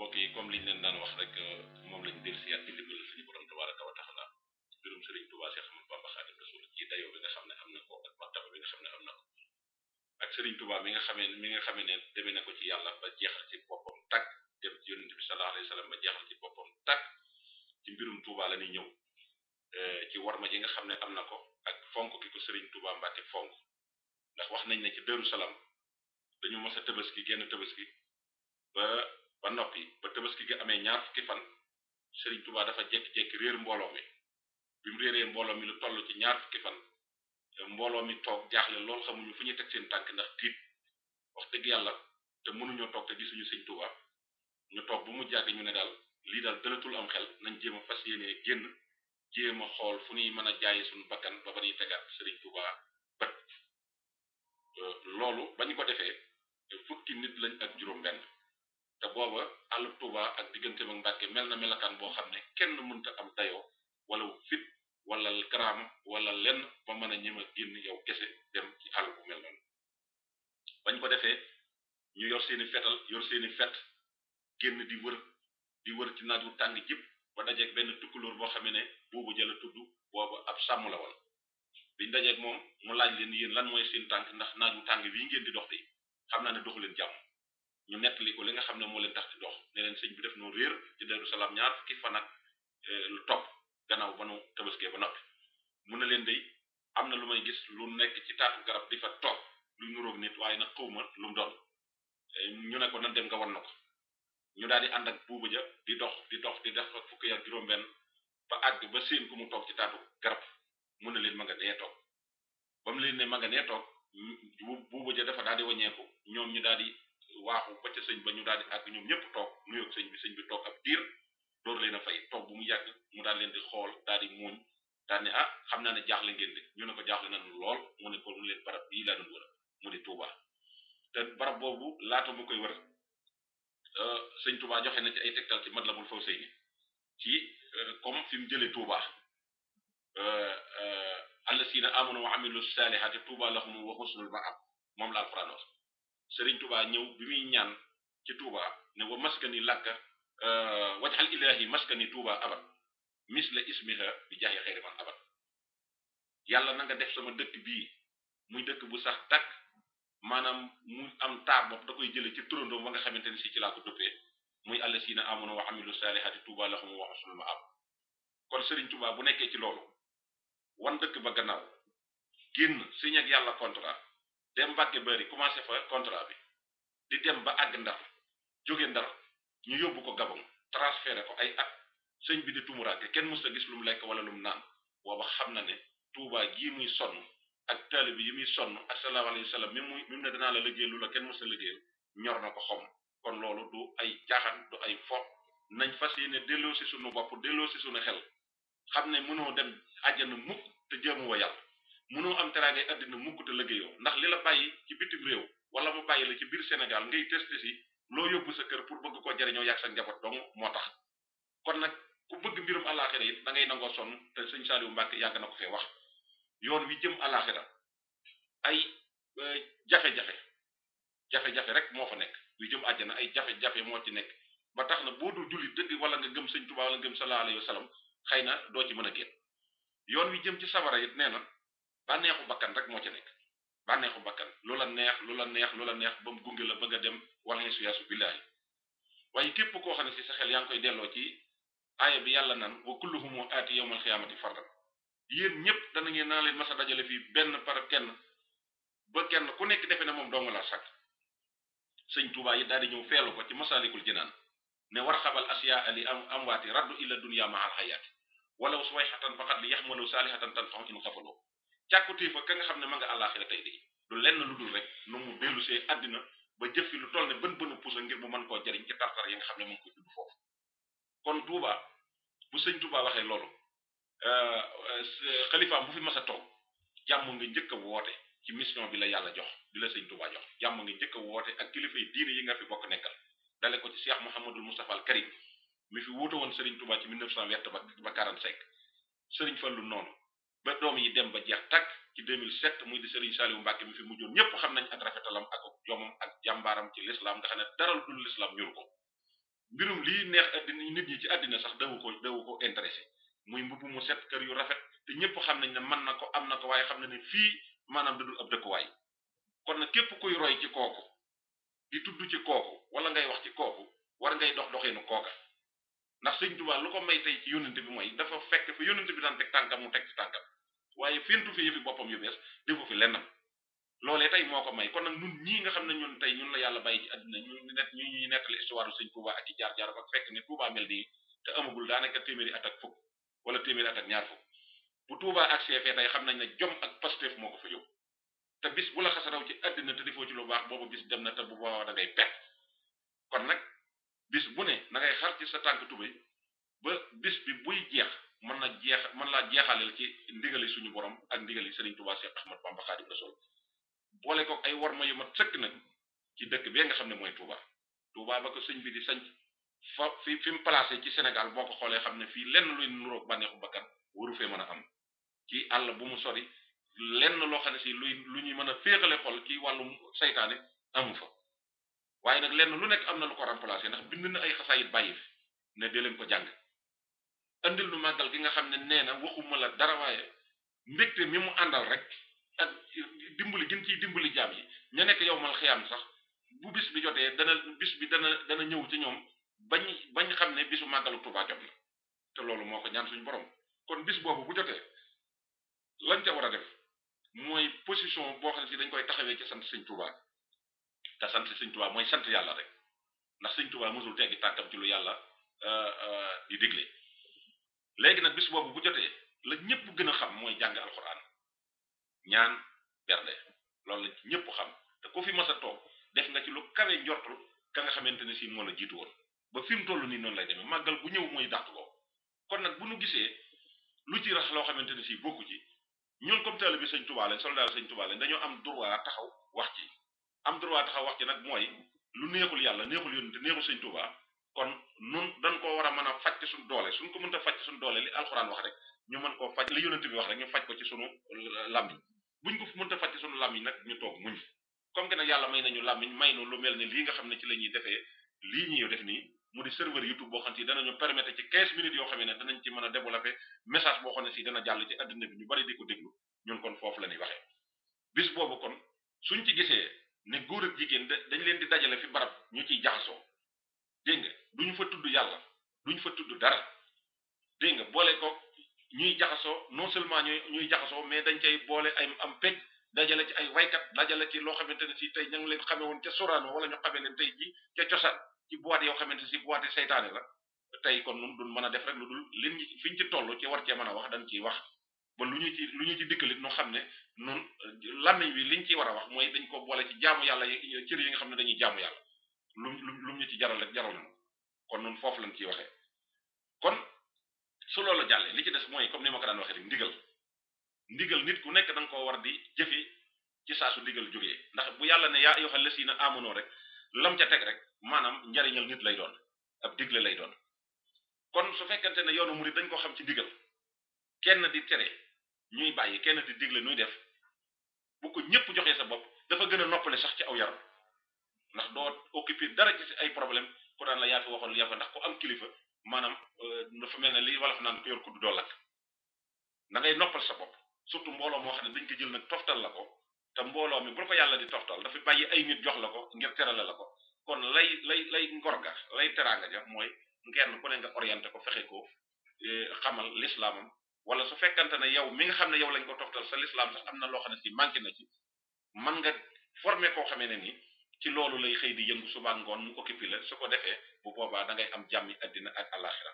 mbokk yi comme liñ leen daan wax rek euh, moom lañ del siyaat ci ndimbalal suñu borom tabaraka wa taala ci mbirum Sëriñ Tuubaa Seex Ahmadu Bamba Xaadimu ne am na ko ak martaba bi nga xam ne mi nga xamee mi ne demee na ko ci yàlla ba jeexal ci boppam tàkk dem ci yonent bi sallallahu alayhi wa sallam ba jeexal ci boppam ci mbirum Tuubaa la ñëw euh, ci warma ji nga xam ne am na ko ak fonk ki ko Sëriñ Tuubaa fonk ndax wax nañ ne ci Daaru dañu mos a tabaski genn ba noppi ba tabaski gi amee ñaar fukki fan Serigne Touba dafa jékki-jékki réer mbooloo mi bi mu réeree mbooloo mi lu toll ci ñaar fukki fan mbooloo mi toog jaaxle lool xamuñu fu ñuy teg seen tànk ndax tiit wax dëgg yàlla te mënuñoo toog te gisuñu Serigne Touba ñu toog bu mu jàgg ñu ne daal lii daal dëlatul am xel nañ jéem a fas yéenee génn jéem a xool fu ñuy mën a jaayi suñu bakkan ba ba ñuy tegaat Serigne Touba bët euh, loolu bañ ko defee fukki nit lañ ak juróom te booba àllub Touba ak diggante ak Mbàkke mel na melakaan boo xam ne kenn mënta am dayoo wala fit wala karaama wala lenn ba mën a ñëm a génn yow kese dem ci àll bu bañ ko defee ñu yor seeni fetal yor seeni fet génn di wër di wër ci naaj wu tàng jëpp ba dajeeg benn tukkulóor boo xam ne boobu jëla tudd booba ab sàmm la woon biñ dajeeg moom mu laaj leen yéen lan mooy seen tànk ndax naaj wu tàng wii ngeen di dox di xam naa ne doxu leen jàmm ñu nettali ko li nga xam ne moo leen tax di dox ne leen sëñ bi def noonu réer ci Daaru Salaam ñaar fukki fan ak eh, lu topp gannaaw ba nu tabaskee ba noppi mun na leen dey am na lu may gis lu nekk ci taatu garab di fa lu nuroog nit waaye nag xawma lu mu doon eh, ñu ne ko nan dem nga na ko ñu daal di ànd ak buuba ja di dox di dox di def ak fukki ak ba àgg ba séen ku mu toog ci taatu garab mun na leen ma nga nee toog ba leen ne ma nga nee toog buuba ja dafa daal di wàññeeku ñoom ñu daal di waaxu ba ca sëñ ba ñu daal di àgg ñoom ñëpp toog nuyoog sëñ bi sëñ bi toog ab diir door leen a fay toog bu mu mu daal leen di xool daal di muuñ daal ne ah xam naa ne jaaxle ngeen de ñu ne ko jaaxle nañu lool mu ne ko mu leen barab bii laa doon wër mu ne Touba te barab boobu laata mu koy wër euh, sëñ Touba joxe na ci ay tegtal ci Matlabul Fawzayni ci euh, comme fi mu jëlee Touba euh, allasiina aamanu wa amilu saalihaati Touba lahum wa husnul ma'aab moom la Alxuraan wax sëriñ Touba ñëw bi muy ñaan ci Touba ne wa maskani làkka euh, wajxal ilahi maskani Touba abad misla ismiha bi jaahi xayri man abad yàlla nanga def sama dëkk bii muy dëkk bu sax tàkk maanaam mu am taar bopp da koy jële ci turandoom ba nga xamante ne si ci laa ko dëppee muy allasiina amanu wa amilu saalihaati Touba lahum wa husnul ma'ab kon sëriñ Touba bu nekkee ci loolu wan dëkk ba gannaaw génn signé ak yàlla contrat dem Mbàkke Bari commencé fa contrat bi di dem ba àgg Ndar jóge Ndar ñu yóbbu ko Gabon transféré ko ay at sëñ bi di tumuraake kenn mës a gis lu mu lekk wala lu mu naan booba xam na ne Tuubaa gii muy sonn ak taalibe yi muy sonn ak sallallahu alayhi wa sallam mi muy mu ne danaa la liggéeyal lu la kenn mës a liggéeyal ñor na ko xom kon loolu du ay caaxaan du ay fo nañ fas yéene delloo si sunu bopp delloo si sunu xel xam ne mënoo dem àjjana mukk te jëmuwa yàlla mënoo am teraangay àddina mukk te liggéeyoo ndax li la bàyyi ci bitim réew wala mu bàyyi la ci biir Sénégal ngay testé si loo yóbbu sa kër pour bëgg koo jariñoo yàgg sa njaboot dong moo tax kon nag ku bëgg mbirum alaxira it da nangoo sonn te sëñ yu Mbacke yàgg na ko fee wax yoon wi jëm alaxira ay euh, jafe-jafe jafe-jafe rek moo fa nekk wi jëm àjjana ay jafe-jafe moo ci nekk ba tax na boo dul jullit dëgg wala nga gëm sëñ Tuubaa wala nga gëm sallallahu xëy na doo ci mën a génn yoon wi jëm ci sabara it nee na bànneexu bakkan rek moo ci nekk bànneexu bakkan lu la neex lu la neex lu la neex ba mu gunge la bëgg dem wala yesu yasu billaahi waaye képp koo xam ne si sa xel yaa ngi koy delloo ci aaya bi yàlla naan wa kulluhum aati yawmal xiyaamati fardan yéen ñëpp dana ngeen naa leen masa dajale fii benn par kenn ba kenn ku nekk defe na moom dong la sàkk sëñ Tuubaa yi daal di ñëw feelu ko ci masaalikul jinaan ne war xabal asiyaa li am am amwaati raddu ila dunya mahal xayaati walaw suwayxatan faqat li yaxmalu saalihatan tan faxu in xafaloo càkkutee fa ka nga xam ne ma nga àllaaxira tey de lu lenn lu dul rek nu mu see àddina ba jëf fi lu toll ne bën bënu pusa ngir mu mën koo jariñ ci tartar yi nga xam ne mu ngi koy foofu kon Touba bu sëñ Touba waxee loolu euh, xalifaam bu fi mas toog jàmm nga njëkk a woote ci mission bi la yàlla jox di la sëñ Touba jox jàmm nga njëkk a woote ak kilifa yi diine yi nga fi bokk nekkal dale ko ci Cheikh Mouhamadul Moustapha al Karim mi fi wuute woon Serigne Touba ci 1908 ba ba 45 Serigne Fallou noonu ba doom yi dem ba jeex takk ci 2007 muy di Serigne Saliou Mbacke mi fi mujjoon ñëpp xam nañ ak rafetalam ak jomam ak jàmbaaram ci l'islam nga xam ne daral dul l'islam ñuru ko mbirum lii neex addina nit ñi ci àddina sax dawu ko dawu ko intéressé muy mbubb mu set kër yu rafet te ñëpp xam nañ ne mën na ko am na ko waaye xam na ne fii maanaam dadul ab dëkkuwaay kon nag képp kuy roy ci kooku di tudd ci kooku wala ngay wax ci kooku war ngay dox doxeenu kooka ndax sëñ Tuubaa lu ko may tey ci yónnante bi mooy dafa fekk fi yónnante bi daan teg tànkam mu teg ci tànkam waaye fentu fi yëfi boppam yu bees defu fi lennam loolee tey moo ko may kon nag ñun ñii nga xam ne ñun tey ñun la yàlla bàyyi ci àddina ñu net ñu ñuy nettali histoire sëñ Tuubaa ak i jaar jaar ak fekk ni Tuubaa mel nii te amagul daanaka téeméeri at ak fukk wala téeméeri at ak ñaar fukk bu Tuubaa ak seefee tey xam nañ ne jom ak Pastef moo ko fa yóbbu te bis bu la xasaraw ci àddina te defoo ci lu baax boobu dem na te bu boobaa da ngay pet kon bis bu ne na ngay xar ci sa tànk tubéy ba bis bi buy jeex mën na jeex mën laa jeexaaleel ci ndigali suñu borom ak ndigali Serigne Touba Cheikh Ahmad Bamba Khadim Rasoul boole ko ay war ma yu mat sëkk nag ci dëkk bee nga xam ne mooy Touba Touba ba ko sëñ bi di sanc fa fi fi mu placé ci Sénégal boo ko xoolee xam ne fii lenn luy nuroog bànneexu bakkan waru fee mën a am ci àll bu mu sori lenn loo xam ne si luy lu ñuy mën a féexale xol ci wàllu saytaane amu fa waaye nag lenn lu nekk am na lu ko remplacé ndax bind na ay xasaayit bàyyi fi ne dee leen ko jàng andil nu màggal gi nga xam ne nee na waxuma la dara waaye mbégte mi mu àndal rek dimbali gin ciy dimbali jaam yi ña nekk yow mal xiyaam sax bu bis bi jotee dana bis bi dana dana ñëw ci ñoom bañ bañ xam ne bisu màggalu Tuubaa jot na te loolu moo ko ñaan suñu borom kon bis boobu bu jotee lañ ca war a def mooy position boo xam ne si dañ koy taxawee ci sant Sëñ Tuubaa te sant sëñ tubaa mooy sant yàlla rek ndax sëñ tubaa mosul teggi tànkam ci lu yàlla euh, euh, di digle léegi nag bis boobu bu jotee la ñëpp gën a xam mooy jàng alxuraan ñaan berde loolu la ñëpp xam te ku fi mas a toog def nga ci lu kawe njortul ka nga xamante ne sii moo la jiitu woon ba fi mu toll nii noonu lay demee màggal bu ñëw mooy dàq ko kon nag bu nu gisee lu ci rax loo xamante ne si bokku ci ñun comme taalibe bi sëñ Tuubaa lañ soldat sëñ Tuubaa lañ dañoo am droit taxaw wax am droit taxaw wax ci nag mooy lu neexul yàlla neexul yoon te neexul sëñ Tuubaa kon nun dañ koo war a mën a faj ci suñ doole suñ ko mënta faj ci suñ doole li alxuraan wax rek ñu mën koo faj li yonent bi wax rek ñu faj ko ci sunu làmmiñ buñ ko mënta faj ci sunu làmmiñ nag ñu toog muñ comme que nag yàlla may nañu làmmiñ may nu lu mel ne lii nga xam ne ci la ñuy defee lii ñuy def nii mu di serveur YouTube boo xam ne danañu permettre ci 15 minutes yoo ne danañ a développer message boo xam ne si dana jàll ci àddina bi ñu bari di ko déglu ñun kon ne góor ak jigéen dañ leen di dajale fi barab ñu ci jaxasoo dégg nga duñu fa tudd yàlla duñu fa tudd dara dégg nga boole ko ñuy jaxasoo non seulement ñuy ñuy jaxasoo mais dañ cay boole ay am pecc dajale ci ay waykat dajale ci loo xamante ne si tey ña ngi leen xamee woon ca soraano wala ñu xamee leen tey ji ca cosaan ci boîte yoo xamante si boîte seytaane la tey kon nun duñ mën a def rek lu dul liñ fiñ ci toll ci war cee mën a wax dañ ciy wax ba lu ñu ci lu ñu ci dikkalit nu xam ne nun euh, làmmiñ wi liñ ci war a wax mooy dañ ko boole ci jaamu yàlla yi cër yi nga xam ne dañuy jaamu yàlla lum lu ñu ci jaral rek jaral kon nun foofu lañ ciy waxee kon su loolu jàllee li ci des mooy comme ni ma ko daan waxee rek ndigal ndigal nit ku koo war di jëfi ci saa su ndigal ndax bu yàlla ne yaa ayyuhal lasiina aamanoo rek lam ca teg rek maanaam njariñal nit lay doon ab digle lay doon kon su fekkente ne yoonu murid dañ ko xam ci diggal kenn di tere ñuy bàyyi kenn di digle nuy def bu ko ñëpp joxee sa bopp dafa gën a noppale sax ci aw yaram ndax doo occupé dara ci ay problème ku daan la yaa fi waxoon yaa ndax ko am kilifa maanaam euh, dafa mel ne li wolof naan ko yor ku du doo lakk da noppal sa bopp surtout mbooloo moo xam ne dañ ko jël nag toftal la ko te mbooloo mi bu ko yàlla di toftal dafa bàyyi ay nit jox la ko ngir terale la ko kon lay lay lay ngor ga lay teraanga ja mooy ngeen ku ne nga orienté ko fexe ko euh, xamal lislaamam wala su fekkante ne yow mi nga xam ne yow lañ ko toftal sa lislaam sax am na loo xam ne si manqué na ci man nga former koo xamee ne ni ci loolu lay xëy di yëngu suba ngoon mu occupé la su ko defee bu boobaa da ngay am jàmmi addina ak alaxira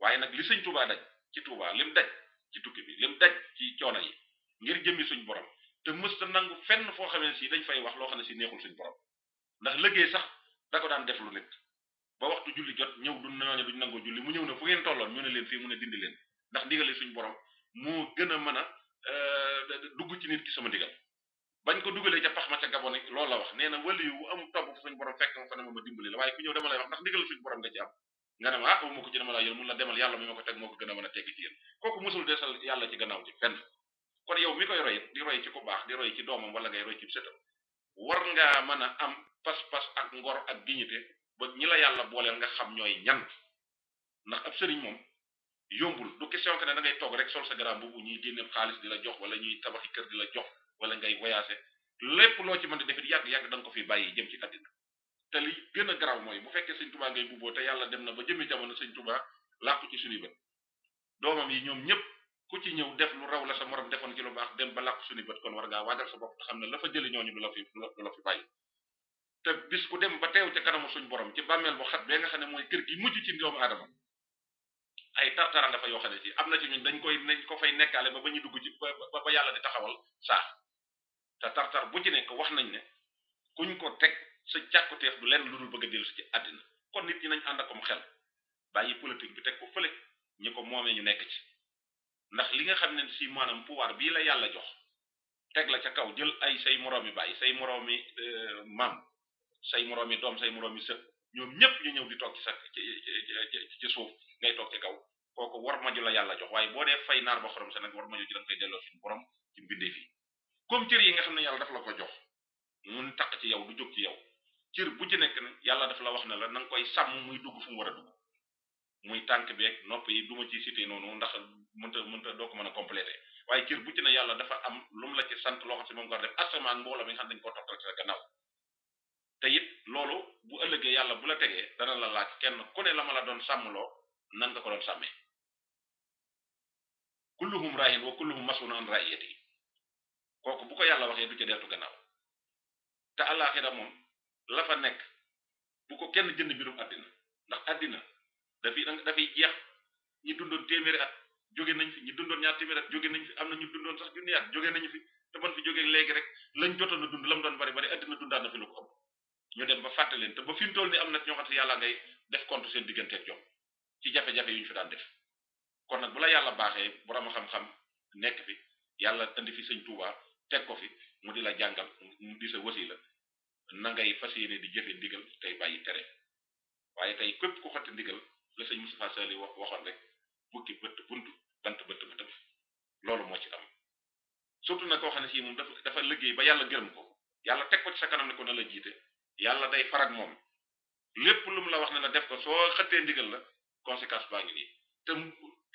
waaye nag li sëñ Tuubaa daj ci Tuubaa lim daj ci tukki bi lim daj ci coono yi ngir jëmmi suñ borom te mësta nangu fenn foo xamee sii dañ fay wax loo xam ne si neexul suñ borom ndax liggéey sax da ko daan def lu nit ba waxtu julli jot ñëw du ñooñu duñ nangoo julli mu ñu ne leen fii mu ne dindi leen ndax ndigale suñu borom moo gën a mën a euh, dugg ci nit ki sama ndigal bañ ko dugalee ca pax ma ca gabon loolu la wax nee na wali topp fa suñu borom fekk nga fa ne ma ma dimbali la waaye ku ñëw dama lay wax ndax ndigal suñu borom nga ci am nga ne ma ah, ko ci dama laa jël mun la demal yàlla mi ma ko teg moo ko gën a mën a tegg ci yéen baax di roy ci doomam wala ngay roy ci setam war ngaa mën a am pas-pas ak ngor ak dignité ba ñi la yàlla booleel nga xam ñooy ñan ndax ab sëriñ moom yombul du question que ne da ngay toog rek sol sa garaam boobu ñuy génne xaalis di la jox wala ñuy tabaxi kër di la jox wala ngay voyagé lépp loo ci mën di def it yàgg-yàgg da nga ko fi bàyyi jëm ci àddina te li gën a garaaw mooy bu fekkee sëñ tubaa ngay bubboo te yàlla dem na ba jëmi jamono sëñ tubaa làqu ci suñu bët doomam yi ñoom ñëpp ku ci ñëw def lu raw la sa morom defoon ci lu baax dem ba làqu suñu bët kon war ngaa waajal sa bopp xam ne la fa jëli ñooñu du la fi te bis ku dem ba teew ca kanamu suñ borom ci bàmmeel ne mooy kër gi mujj ci doomu aadama ay tartaran dafa yoo xam ne ci am na ci ñun dañ koy nañ ko fay nekkaale ba ba ñu dugg ci ba ba yàlla di taxawal saa te tartar bu ci nekk wax nañ ne kuñ ko teg sa càkkuteef du lenn lu dul bëgg a dellu ci àddina kon nit ñi nañ ànd akom xel bàyyi politique bi teg ko fële ñi ko moomee ñu nekk ndax li nga xam ne si maanaam pouvoir bii la yàlla jox teg la ca kaw jël ay say moroomi bàyyi say moroomi euh, maam say moroomi doom say moroomi sët ñoom ñëpp ñu ñëw di toog ci sa ci ci suuf ngay toog ci kaw kooku war maju la yàlla jox waaye boo dee fay naar ba xorom sa nag wor maju ji da nga koy delloo suñu borom ci fi comme cër yi nga xam ne yàlla daf la ko jox mun taq ci yow du jóg ci yow cër bu ci nekk ne yàlla daf la wax ne la na koy sàmm muy dugg fu mu war a dugg muy tànk beeg nopp yi du ma ci cité noonu ndax mënta mënta doo ko mën a complété waaye cër bu ci ne yàlla dafa am lu mu la ci sant loo xam si moom nga def asamaan mbooloo mi nga xam dañ ko toftal ci sa gannaaw te loolu bu ëllëgee yàlla bu la tegee dana la laaj kenn ku la ma la doon sàmmloo nan nga ko doon sàmmee kulluhum raahin wa kulluhum mas'uulun an ra'iyyati kooku bu ko yàlla waxee du ca deltu gannaaw te àllaaxira moom la fa nekk bu ko kenn jënd mbirum àddina ndax àddina dafay dafay jeex ñi dundoon téeméeri at jóge nañ fi ñi dundoon ñaar téeméeri at jóge nañ fi am na ñu dundoon sax junni at jóge nañu fi te man fi jóge léegi rek lañ jotoon a dund la mu doon bari bari àddina dundaat fi lu ëpp ñu dem ba fàtte leen te ba fi mu toll nii am na ñoo xam yàlla ngay def compte seen digganteeg jom ci jafe-jafe yu ñu fi daan def kon nag bu la yàlla baaxee borom xam-xam nekk bi yàlla indi fi sëñ Tuubaa teg ko fi mu di la jàngal mu di sa wasiila na ngay fas yéene di jëfe ndigal tey bàyyi tere waaye tey képp ku xotti ndigal la sëñ Moustapha Sall wax waxoon rek bukki bëtt bunt bant bëtt bëtam loolu moo ci am surtout nag koo xam ne si moom dafa dafa liggéey ba yàlla gërëm ko yàlla teg ko ci sa ne ko na yàlla day farak moom lépp lu mu la wax ne la def ko soo xëttee ndigal la conséquence baa ngi nii te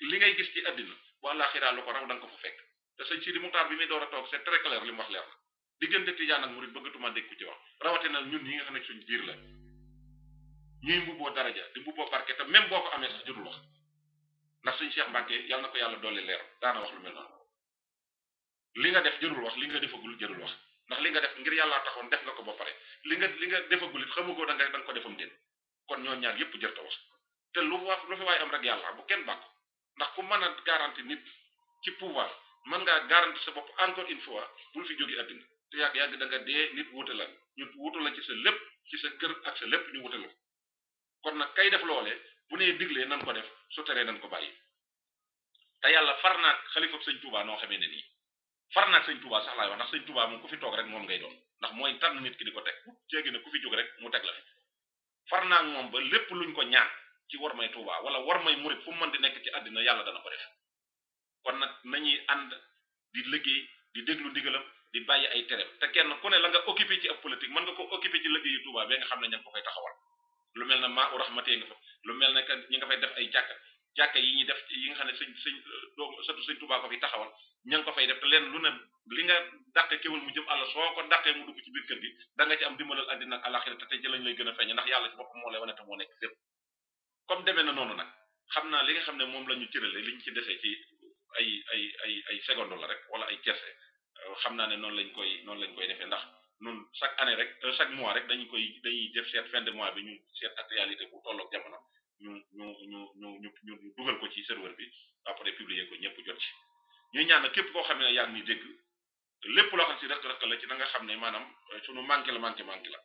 li ngay gis ci àddina bu àllaaxiraa lu ko raw da ko fa fekk te sëñ Sidi Muxtaar bi muy door a toog c'est très clair mu wax leer na diggante tijaan ak murit bëggatuma dégg rawatina ñun ñi nga xam biir la ñuy mbubboo daraja di mbubboo barke te même boo ko amee sax jurul wax ndax suñu Cheikh Mbacke yàlla na ko yàlla doole leer daana wax lu mel noonu li nga def jërul wax li nga defagul jërul wax ndax li nga def ngir yàllaa taxoon def nga ko ba pare li nga li nga defagulit xamu ko da nga da nga ko defam déet kon ñoo ñaar yëpp jër ta wax te lu fi waay am rek yàlla bu kenn bàkku ndax ku mën a garanti nit ci pouvoir mën ngaa garanti sa bopp encore une fois bul fi jóge àddina te yàgg yàgg da nga dee nit wuute la ñu wuutu la ci sa lépp ci sa kër ak sa lépp ñu wuute la kon nag kay def loole bu nee diglee nan ko def su teree nan ko bàyyi te yàlla far naa naag xalifab sëñ Tuubaa noo xamee ne nii far naag sëñ Touba sax laay wax ndax sëñ Touba moom ku fi toog rek moom ngay doon ndax mooy tànn nit ki di ko teg jéegi ne ku fi jóg rek mu teg la fi far naag moom ba lépp luñ ko ñaan ci war may Touba wala war may murit fu man di nekk ci àddina yàlla dana ko def kon nag nañuy ànd di liggéey di déglu ndigalam di bàyyi ay tereem te kenn ku ne la nga occupé ci ab politique mën nga ko occupé ci liggéeyu Touba ba nga xam ne ña nga ko fay taxawal lu mel ne maa u raxmatee nga fa mel ne que ñi nga fay def ay jàkka jàkka yi ñuy def yi nga xam ne sëñ sëñ doomu fi taxawal ña ko fay def te leen lu ne li nga dàqe kéwal mu jëm àll soo ko dàqee mu dugg ci biir kër gi da ci am dimbalal àddina ak te ci lañ lay gën a feeñe ndax yàlla ci bopp moo lay wane te moo nekk comme demee na noonu nag xam naa li nga xam ne moom la ñu cërale liñ ci desee ci ay ay ay ay seconde la rek wala ay cerse euh, xam naa ne noonu lañ koy noonu lañ koy defee ndax noonu chaque année rek euh, chaque mois rek dañ koy dañuy def seet fin de mois bi ñu seet actualité bu serveur bi après publier ko ñëpp jot ci ñuy ñaan képp koo xam ne yaa ngi dégg lépp loo xam si rëkk-rëkk la ci na nga xam ne maanaam euh, sunu manqué la manqué manqué la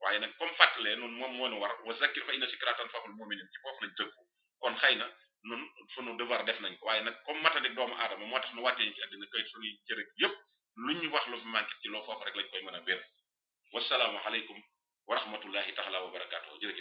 waaye nag comme fàttalee noonu moom moo war wa ko waaye nag comme matadik doomu aadama moo tax nu wàccee a aleykum wa rahmatullahi taala wa